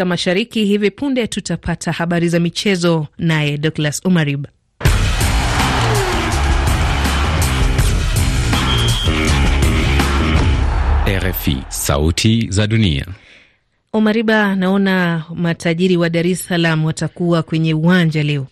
Afrika Mashariki. Hivi punde tutapata habari za michezo naye Douglas Umarib. RFI, Sauti za Dunia. Omariba, naona matajiri wa Dar es Salaam watakuwa kwenye uwanja leo.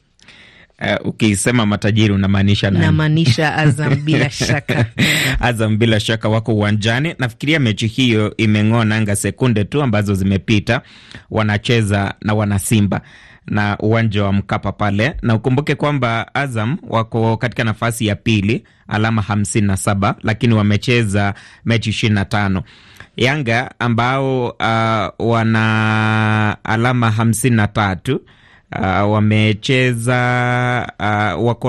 Uh, ukisema matajiri unamaanisha nani? Namaanisha Azam bila shaka. Azam bila shaka wako uwanjani. Nafikiria mechi hiyo imeng'oa nanga sekunde tu ambazo zimepita, wanacheza na wanasimba na uwanja wa Mkapa pale, na ukumbuke kwamba Azam wako katika nafasi ya pili alama hamsini na saba lakini wamecheza mechi ishirini na tano. Yanga ambao uh, wana alama hamsini na tatu uh, wamecheza uh, wako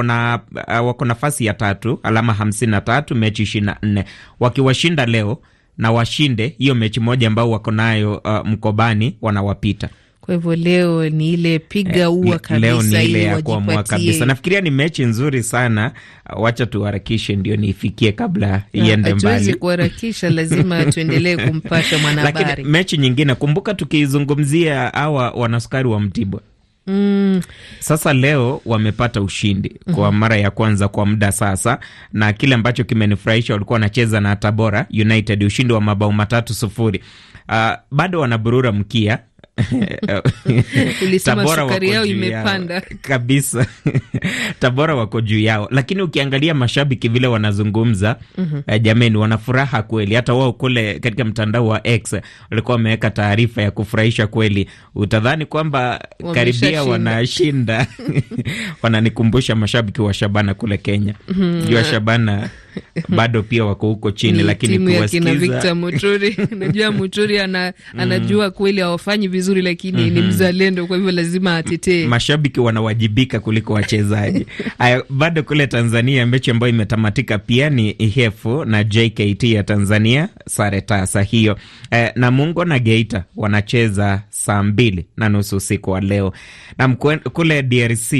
uh, nafasi ya tatu, alama hamsini na tatu, mechi ishirini na nne. Wakiwashinda leo na washinde hiyo mechi moja ambao wako nayo uh, mkobani, wanawapita. Kwa hivyo leo ni ile piga eh, ua kabisa, leo ni ile ya kuamua kabisa. Nafikiria ni mechi nzuri sana, wacha tuharakishe ndio niifikie kabla iende mbali. Hatuwezi kuharakisha, lazima tuendelee mwanahabari. Lakini mechi nyingine, kumbuka tukizungumzia hawa wanasukari wa Mtibwa Mm. Sasa leo wamepata ushindi mm -hmm. kwa mhm. mara ya kwanza kwa muda sasa, na kile ambacho kimenifurahisha walikuwa wanacheza na Tabora United, ushindi wa mabao matatu sufuri. Uh, bado wanaburura mkia sukari yao imepanda kabisa. Tabora wako juu yao, lakini ukiangalia mashabiki vile wanazungumza mm -hmm. jameni, wana furaha kweli. Hata wao kule katika mtandao wa X walikuwa wameweka taarifa ya kufurahisha kweli, utadhani kwamba karibia wanashinda. Wananikumbusha mashabiki wa Shabana kule Kenya, mm -hmm. Shabana bado pia wako huko chini, lakini kuwasikiza Victor Muturi najua Muturi ana, mm. anajua kweli hawafanyi vizuri, lakini mm -hmm. ni mm-hmm. mzalendo, kwa hivyo lazima atetee. Mashabiki wanawajibika kuliko wachezaji. Aya, bado kule Tanzania mechi ambayo imetamatika pia ni Ihefu na JKT ya Tanzania, sare tasa hiyo. Eh, na Mungo na Geita wanacheza saa mbili na nusu usiku wa leo na mkwen, kule DRC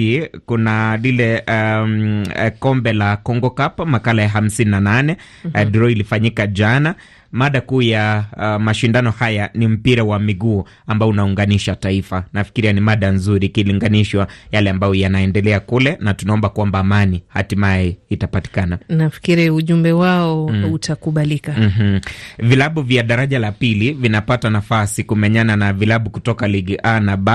kuna lile um, eh, kombe la Congo Cup makala ya hamsini na nane. mm -hmm. Uh, draw ilifanyika jana mada kuu ya uh, mashindano haya ni mpira wa miguu ambao unaunganisha taifa. Nafikiria ni mada nzuri ikilinganishwa yale ambayo yanaendelea kule, na tunaomba kwamba amani hatimaye itapatikana. Nafikiri ujumbe wao mm. utakubalika. mm -hmm. Vilabu vya daraja la pili vinapata nafasi kumenyana na vilabu kutoka ligi A na B.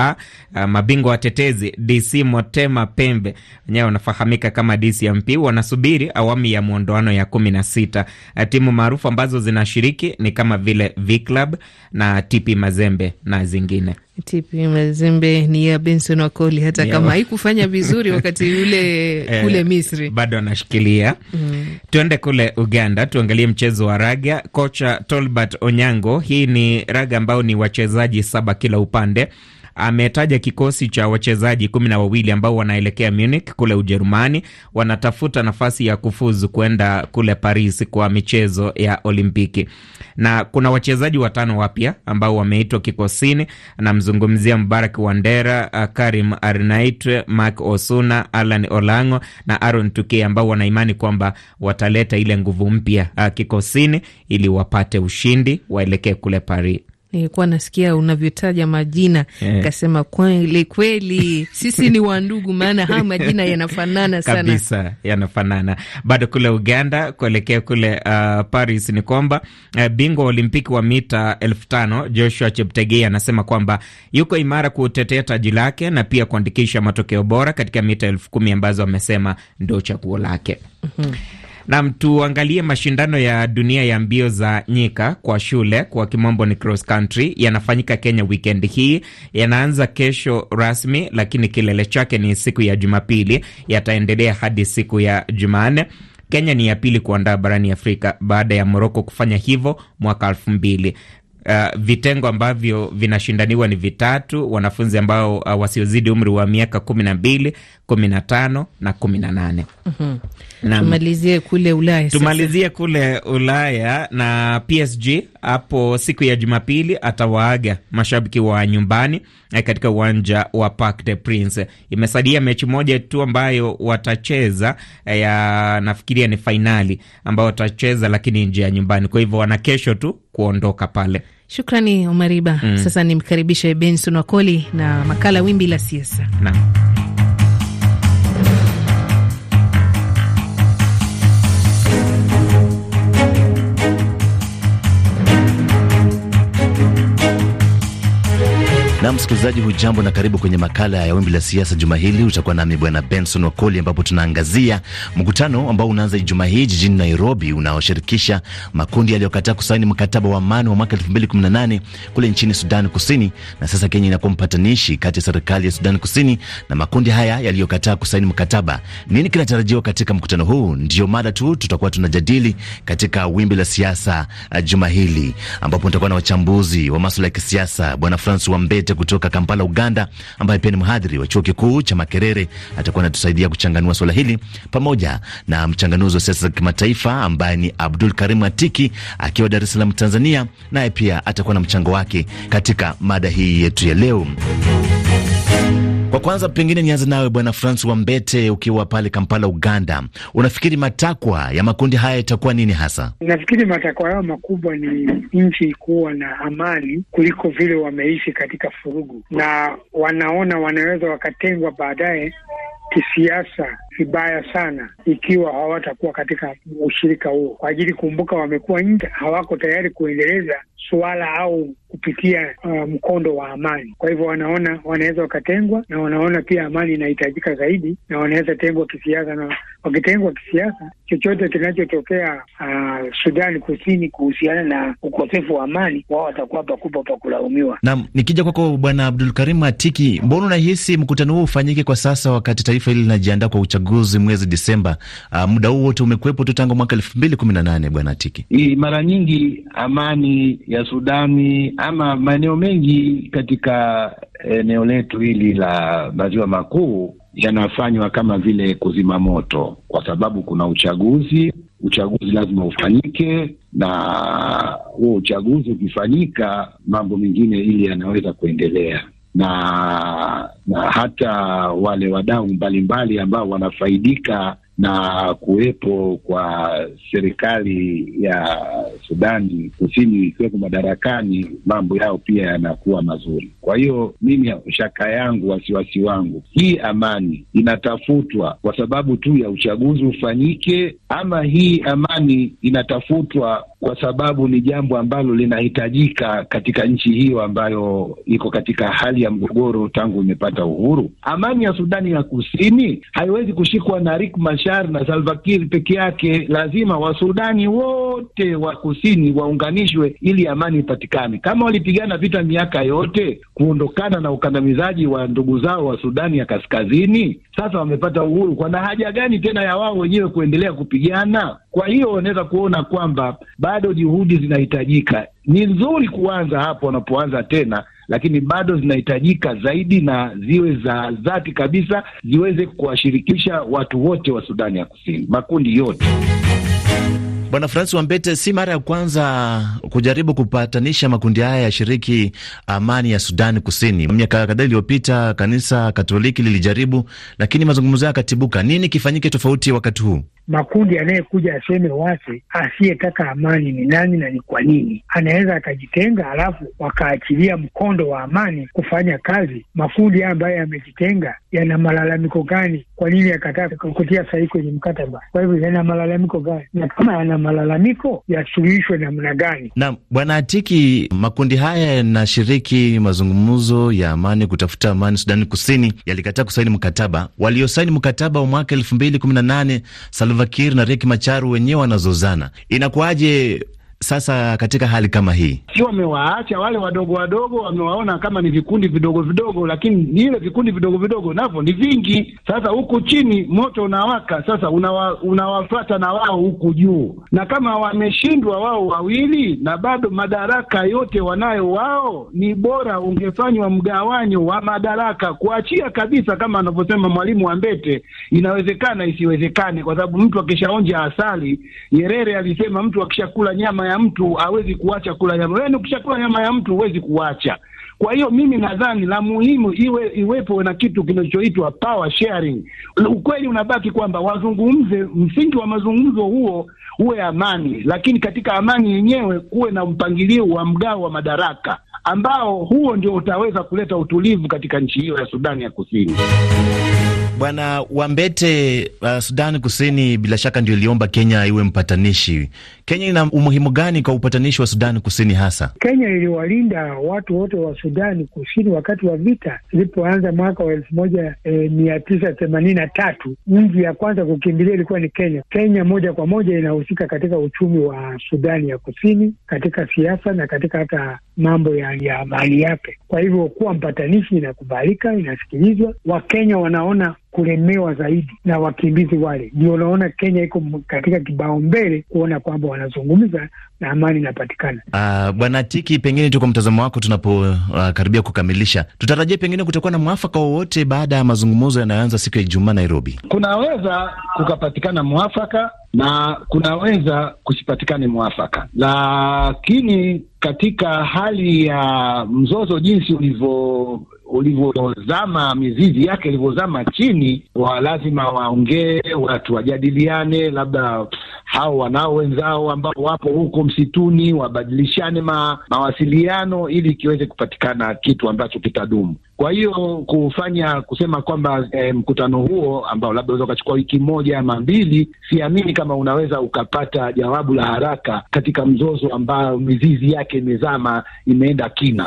Uh, mabingwa watetezi DC Motema Pembe wenyewe wanafahamika kama DCMP wanasubiri awamu ya mwondoano ya kumi na sita uh, timu maarufu ambazo zina kushiriki ni kama vile V-Club na TP Mazembe na zingine. TP Mazembe ni ya Benson Wakoli, hata kama haikufanya vizuri wakati ule eh, kule Misri bado anashikilia mm. Tuende kule Uganda tuangalie mchezo wa raga. Kocha Tolbert Onyango, hii ni raga ambao ni wachezaji saba kila upande ametaja kikosi cha wachezaji kumi na wawili ambao wanaelekea Munich kule Ujerumani, wanatafuta nafasi ya kufuzu kwenda kule Paris kwa michezo ya Olimpiki, na kuna wachezaji watano wapya ambao wameitwa kikosini. Namzungumzia Mbarak Wandera, uh, Karim Arnait, Mark Osuna, Alan Olango na Aaron Tuke ambao wanaimani kwamba wataleta ile nguvu mpya uh, kikosini ili wapate ushindi waelekee kule Paris nilikuwa nasikia unavyotaja majina eh. nikasema, yeah. Kweli kweli sisi ni wandugu, maana haya majina yanafanana sana kabisa, yanafanana. Bado kule Uganda kuelekea kule uh, Paris ni kwamba uh, bingwa wa Olimpiki wa mita elfu tano Joshua Cheptegei anasema kwamba yuko imara kutetea taji lake na pia kuandikisha matokeo bora katika mita elfu kumi ambazo amesema ndio chaguo lake. mm -hmm. Nam, tuangalie mashindano ya dunia ya mbio za nyika kwa shule, kwa kimombo ni cross country, yanafanyika Kenya wikendi hii, yanaanza kesho rasmi, lakini kilele chake ni siku ya Jumapili, yataendelea hadi siku ya Jumanne. Kenya ni ya pili kuandaa barani Afrika baada ya Moroko kufanya hivyo mwaka elfu mbili. Uh, vitengo ambavyo vinashindaniwa ni vitatu, wanafunzi ambao uh, wasiozidi umri wa miaka kumi na mbili, kumi na tano na kumi na nane. mm -hmm tumalizie kule Ulaya, tumalizie kule Ulaya na PSG hapo siku ya Jumapili atawaaga mashabiki wa nyumbani eh, katika uwanja wa Parc des Princes. Imesalia mechi moja tu ambayo watacheza eh, ya nafikiria ni fainali ambayo watacheza, lakini nje ya nyumbani, kwa hivyo wana kesho tu kuondoka pale. Shukrani Omariba. Mm. Sasa nimkaribishe Benson Wakoli na makala wimbi la siasa. Naam. Na msikilizaji, hujambo na karibu kwenye makala ya wimbi la siasa juma hili. Utakuwa nami bwana Benson Wakoli, ambapo tunaangazia mkutano ambao unaanza Ijumaa hii jijini Nairobi, unaoshirikisha makundi yaliyokataa kusaini mkataba wa amani wa mwaka 2018 kule nchini Sudan Kusini, na sasa Kenya inakuwa mpatanishi kati ya serikali ya Sudan Kusini na makundi haya yaliyokataa kusaini mkataba. Nini kinatarajiwa katika mkutano huu? Ndio mada tu tutakuwa tunajadili katika wimbi la siasa eh, juma hili, ambapo nitakuwa na wachambuzi wa masuala ya kisiasa bwana Francis Wambete Kikwete kutoka Kampala, Uganda, ambaye pia ni mhadhiri wa chuo kikuu cha Makerere. Atakuwa anatusaidia kuchanganua suala hili pamoja na mchanganuzi wa siasa za kimataifa ambaye ni Abdul Karim Atiki akiwa Dar es Salaam, Tanzania, naye pia atakuwa na mchango wake katika mada hii yetu ya leo. Kwa kwanza, pengine nianze nawe Bwana Francis Wambete, ukiwa pale Kampala, Uganda, unafikiri matakwa ya makundi haya itakuwa nini hasa? Nafikiri matakwa yao makubwa ni nchi kuwa na amani kuliko vile wameishi katika furugu, na wanaona wanaweza wakatengwa baadaye kisiasa vibaya sana ikiwa hawatakuwa katika ushirika huo, kwa ajili kumbuka, wamekuwa nje, hawako tayari kuendeleza suala au kupitia uh, mkondo wa amani. Kwa hivyo wanaona wanaweza wakatengwa, na wanaona pia amani inahitajika zaidi, na wanaweza tengwa kisiasa, na wakitengwa kisiasa, chochote kinachotokea uh, Sudani Kusini kuhusiana na ukosefu wa amani, wao watakuwa pakubwa pa kulaumiwa. Naam, nikija kwako Bwana Abdul Karim Atiki, mbona unahisi mkutano huo ufanyike kwa sasa wakati taifa hili linajiandaa kwa uchaguzi mwezi disemba Uh, muda huu wote umekuwepo tu tangu mwaka elfu mbili kumi na nane Bwana Atiki. Mara nyingi amani ya Sudani ama maeneo mengi katika eneo letu hili la maziwa makuu yanafanywa kama vile kuzima moto, kwa sababu kuna uchaguzi. Uchaguzi lazima ufanyike, na huo uchaguzi ukifanyika, mambo mengine ili yanaweza kuendelea na, na hata wale wadau mbalimbali ambao wanafaidika na kuwepo kwa serikali ya Sudani Kusini ikiwepo madarakani, mambo yao pia yanakuwa mazuri. Kwa hiyo mimi, shaka yangu, wasiwasi wangu, hii amani inatafutwa kwa sababu tu ya uchaguzi ufanyike, ama hii amani inatafutwa kwa sababu ni jambo ambalo linahitajika katika nchi hiyo ambayo iko katika hali ya mgogoro tangu imepata uhuru. Amani ya Sudani ya Kusini haiwezi kushikwa na Riek Machar na Salva Kiir peke yake, lazima Wasudani wote wa kusini waunganishwe ili amani ipatikane. Kama walipigana vita miaka yote kuondokana na ukandamizaji wa ndugu zao wa Sudani ya Kaskazini, sasa wamepata uhuru, kwana haja gani tena ya wao wenyewe kuendelea kupigana? Kwa hiyo wanaweza kuona kwamba bado juhudi zinahitajika. Ni nzuri kuanza hapo wanapoanza tena, lakini bado zinahitajika zaidi na ziwe za dhati kabisa, ziweze kuwashirikisha watu wote wa Sudani ya Kusini, makundi yote. Bwana Francis Wambete, si mara ya kwanza kujaribu kupatanisha makundi haya yashiriki amani ya Sudani Kusini. Miaka kadhaa iliyopita kanisa Katoliki lilijaribu, lakini mazungumzo hayo akatibuka Nini kifanyike tofauti wakati huu? Makundi anayekuja aseme wase, asiyetaka amani ni nani na ni kwa nini? Anaweza akajitenga, alafu wakaachilia mkondo wa amani kufanya kazi. Makundi haya ambayo yamejitenga yana malalamiko gani? Kwa nini yakataa kutia sahihi kwenye mkataba? Kwa hivyo yana malalamiko gani? na kama yana malalamiko yasuluhishwe namna gani? Naam, Bwana Atiki, makundi haya yanashiriki mazungumzo ya amani kutafuta amani Sudani Kusini yalikataa kusaini mkataba. Waliosaini mkataba wa mwaka elfu mbili kumi na nane Salva Kiir na Riek Machar wenyewe wanazozana, inakuwaje? Sasa katika hali kama hii, si wamewaacha wale wadogo wadogo, wamewaona kama ni vikundi vidogo vidogo, lakini ile vikundi vidogo vidogo navyo ni vingi. Sasa huku chini moto unawaka, sasa unawafuata na wao huku juu, na kama wameshindwa wao wawili na bado madaraka yote wanayo wao, ni bora ungefanywa mgawanyo wa madaraka, kuachia kabisa, kama anavyosema mwalimu wa Mbete, inawezekana isiwezekane, kwa sababu mtu akishaonja asali, Nyerere alisema mtu akishakula nyama ya mtu hawezi kuacha kula nyama. Wewe ukishakula nyama ya mtu huwezi kuacha. Kwa hiyo mimi nadhani la muhimu iwe iwepo na kitu kinachoitwa power sharing. Ukweli unabaki kwamba wazungumze, msingi wa mazungumzo huo uwe amani, lakini katika amani yenyewe kuwe na mpangilio wa mgao wa madaraka ambao huo ndio utaweza kuleta utulivu katika nchi hiyo ya Sudani ya Kusini. Bwana Wambete, uh, Sudani Kusini bila shaka ndio iliomba Kenya iwe mpatanishi. Kenya ina umuhimu gani kwa upatanishi wa Sudani Kusini? Hasa Kenya iliwalinda watu wote wa Sudani Kusini wakati wa vita ilipoanza mwaka wa elfu moja e, mia tisa themanini na tatu. Nchi ya kwanza kukimbilia ilikuwa ni Kenya. Kenya moja kwa moja inahusika katika uchumi wa Sudani ya Kusini, katika siasa na katika hata mambo ya, ya mali yake. Kwa hivyo kuwa mpatanishi inakubalika, inasikilizwa. Wakenya wanaona kulemewa zaidi na wakimbizi wale, ndio unaona Kenya iko katika kibao mbele kuona kwamba wanazungumza na amani inapatikana. Uh, Bwana Tiki, pengine tu kwa mtazamo wako, tunapokaribia ah, uh, kukamilisha, tutarajia pengine kutakuwa na mwafaka wowote baada ya mazungumzo yanayoanza siku ya Ijumaa Nairobi? Kunaweza kukapatikana mwafaka na kunaweza kusipatikane mwafaka, lakini katika hali ya mzozo jinsi ulivyo ulivyozama mizizi yake ilivyozama chini, wa lazima waongee, watu wajadiliane, labda hao wanao wenzao ambao wapo huko msituni wabadilishane ma, mawasiliano ili kiweze kupatikana kitu ambacho kitadumu. Kwa hiyo kufanya kusema kwamba eh, mkutano huo ambao labda unaweza ukachukua wiki moja ama mbili, siamini kama unaweza ukapata jawabu la haraka katika mzozo ambao mizizi yake imezama, imeenda kina.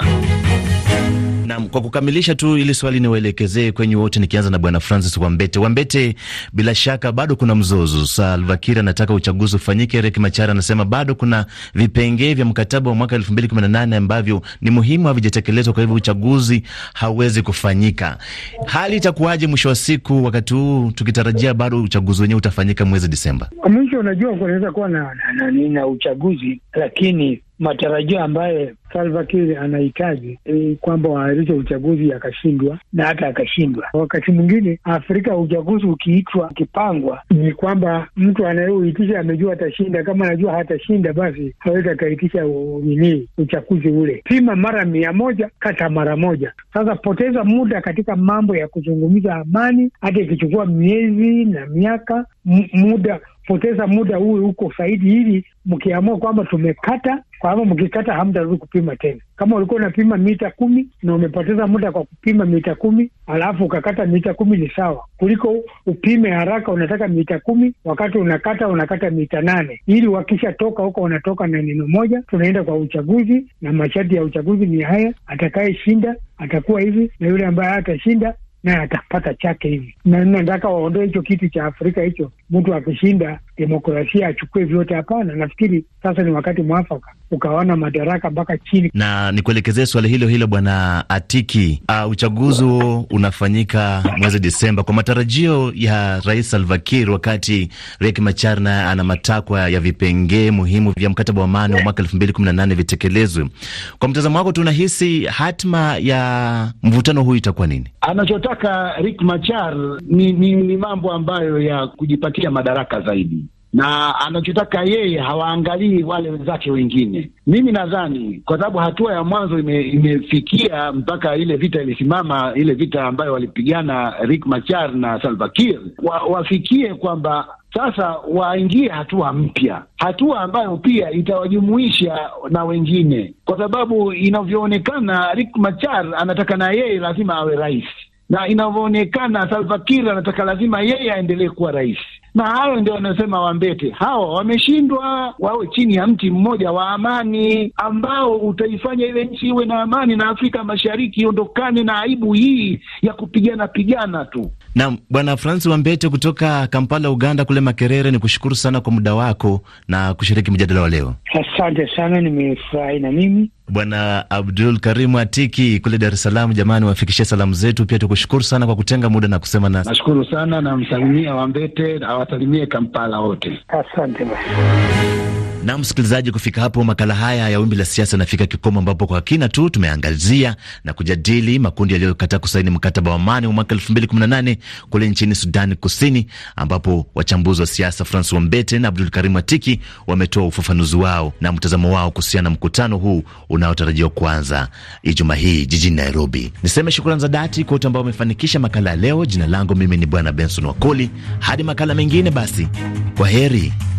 Naam, kwa kukamilisha tu ili swali niwaelekezee kwenye wote, nikianza na bwana Francis Wambete. Wambete, bila shaka bado kuna mzozo. Salva Kiir anataka uchaguzi ufanyike. Riek Machar anasema bado kuna vipengee vya mkataba wa mwaka 2018 ambavyo ni muhimu havijatekelezwa, kwa hivyo uchaguzi hauwezi kufanyika. Hali itakuwaje mwisho wa siku, wakati huu tukitarajia bado uchaguzi wenyewe utafanyika mwezi Disemba? Mwisho unajua kunaweza kuwa na, na, na, na uchaguzi lakini matarajio ambaye Salva Kiir anahitaji e, kwamba waahirishe uchaguzi akashindwa na hata akashindwa. Wakati mwingine Afrika uchaguzi ukiitwa ukipangwa, ni kwamba mtu anayeuitisha amejua atashinda. Kama anajua hatashinda, basi hawezi akaitisha nini uchaguzi ule. Pima mara mia moja, kata mara moja. Sasa poteza muda katika mambo ya kuzungumza amani, hata ikichukua miezi na miaka, muda poteza muda huu huko zaidi, ili mkiamua kwamba tumekata kwa hivyo mkikata, hamtarudi kupima tena. Kama ulikuwa unapima mita kumi na umepoteza muda kwa kupima mita kumi alafu ukakata mita kumi ni sawa, kuliko upime haraka, unataka mita kumi wakati unakata unakata mita nane ili wakishatoka huko wanatoka na neno moja, tunaenda kwa uchaguzi, na masharti ya uchaguzi ni haya, atakayeshinda atakuwa hivi na yule ambaye hatashinda naye atapata chake hivi, na nataka waondoe hicho kitu cha Afrika hicho mtu akishinda demokrasia achukue vyote. Hapana, nafikiri sasa ni wakati mwafaka ukawana madaraka mpaka chini. Na nikuelekezee swali hilo hilo, bwana Atiki. Uh, uchaguzi unafanyika mwezi Desemba kwa matarajio ya rais Salva Kiir, wakati Riek Machar naye ana matakwa ya vipengee muhimu vya mkataba wa amani wa mwaka elfu mbili kumi na nane vitekelezwe. Kwa mtazamo wako, tunahisi hatma ya mvutano huu itakuwa nini? Anachotaka Riek Machar ni, ni, ni mambo ambayo ya kujipatia kujipatia madaraka zaidi, na anachotaka yeye hawaangalii wale wenzake wengine. Mimi nadhani kwa sababu hatua ya mwanzo ime, imefikia mpaka ile vita ilisimama, ile vita ambayo walipigana rik Machar na Salva Kiir, wa, wafikie kwamba sasa waingie hatua mpya, hatua ambayo pia itawajumuisha na wengine, kwa sababu inavyoonekana rik Machar anataka na yeye lazima awe rais, na inavyoonekana Salva Kiir anataka lazima yeye aendelee kuwa rais na hayo ndio wanasema Wambete hawa wameshindwa, wawe chini ya mti mmoja wa amani ambao utaifanya ile nchi iwe na amani na Afrika Mashariki iondokane na aibu hii ya kupigana pigana tu. Naam, Bwana Francis Wambete kutoka Kampala, Uganda, kule Makerere, ni kushukuru sana kwa muda wako na kushiriki mjadala wa leo. Asante sana, nimefurahi na mimi Bwana Abdul Karimu Atiki kule Dar es Salaam, jamani, wafikishie salamu zetu. Pia tukushukuru sana kwa kutenga muda na kusema nasi. Nashukuru sana, namsalimia Wambete, awasalimie Kampala wote, asante. Na msikilizaji, kufika hapo makala haya ya wimbi la siasa yanafika kikomo, ambapo kwa kina tu tumeangazia na kujadili makundi yaliyokataa kusaini mkataba wa amani wa mwaka nane kule nchini Sudani Kusini, ambapo wachambuzi wa siasa Francis Wambete na Abdul Karim Atiki wametoa ufafanuzi wao na mtazamo wao kuhusiana na mkutano huu unaotarajiwa kuanza Ijuma hii jijini Nairobi. Niseme shukrani za dhati kwa wote ambao wamefanikisha makala ya leo. Jina langu mimi ni Bwana Benson Wakoli. Hadi makala mengine, basi kwa heri.